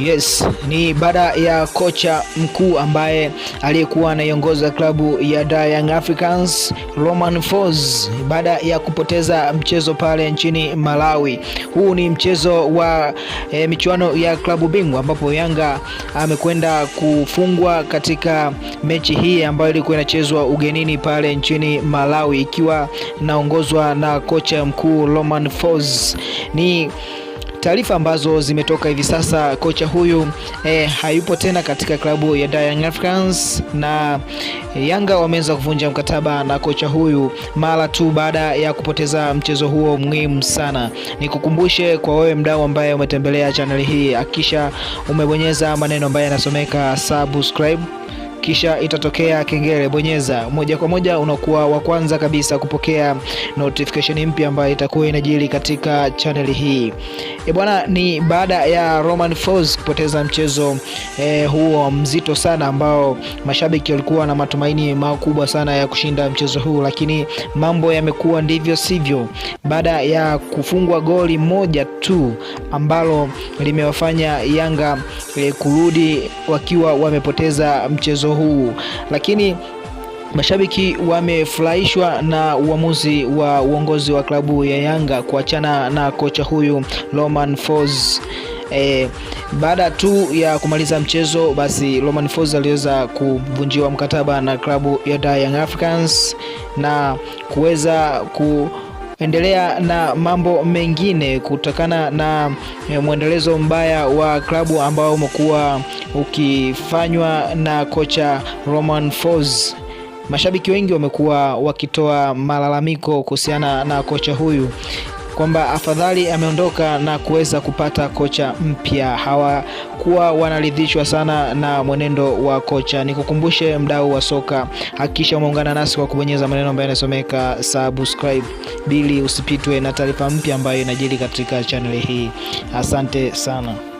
Yes, ni baada ya kocha mkuu ambaye aliyekuwa anaiongoza klabu ya Young Africans Roman Folz baada ya kupoteza mchezo pale nchini Malawi. Huu ni mchezo wa e, michuano ya klabu bingwa ambapo Yanga amekwenda kufungwa katika mechi hii ambayo ilikuwa inachezwa ugenini pale nchini Malawi ikiwa naongozwa na kocha mkuu Roman Folz. Ni Taarifa ambazo zimetoka hivi sasa, kocha huyu eh, hayupo tena katika klabu ya Young Africans na Yanga wameweza kuvunja mkataba na kocha huyu mara tu baada ya kupoteza mchezo huo muhimu sana. Nikukumbushe kwa wewe mdau ambaye umetembelea chaneli hii, akisha umebonyeza maneno ambayo yanasomeka subscribe kisha itatokea kengele, bonyeza moja kwa moja, unakuwa wa kwanza kabisa kupokea notification mpya ambayo itakuwa inajili katika channel hii. E bwana, ni baada ya Romain Folz kupoteza mchezo e, huo mzito sana ambao mashabiki walikuwa na matumaini makubwa sana ya kushinda mchezo huu, lakini mambo yamekuwa ndivyo sivyo, baada ya kufungwa goli moja tu ambalo limewafanya Yanga e, kurudi wakiwa wamepoteza mchezo huu, lakini mashabiki wamefurahishwa na uamuzi wa uongozi wa klabu ya Yanga kuachana na kocha huyu Romain Folz. E, baada tu ya kumaliza mchezo basi Romain Folz aliweza kuvunjiwa mkataba na klabu ya Young Africans na kuweza ku endelea na mambo mengine kutokana na eh, mwendelezo mbaya wa klabu ambao umekuwa ukifanywa na kocha roman fos Mashabiki wengi wamekuwa wakitoa malalamiko kuhusiana na kocha huyu kwamba afadhali ameondoka na kuweza kupata kocha mpya. Hawakuwa wanaridhishwa sana na mwenendo wa kocha. Nikukumbushe mdau wa soka, hakikisha umeungana nasi kwa kubonyeza maneno ambayo yanasomeka subscribe, ili usipitwe na taarifa mpya ambayo inajiri katika chaneli hii. Asante sana.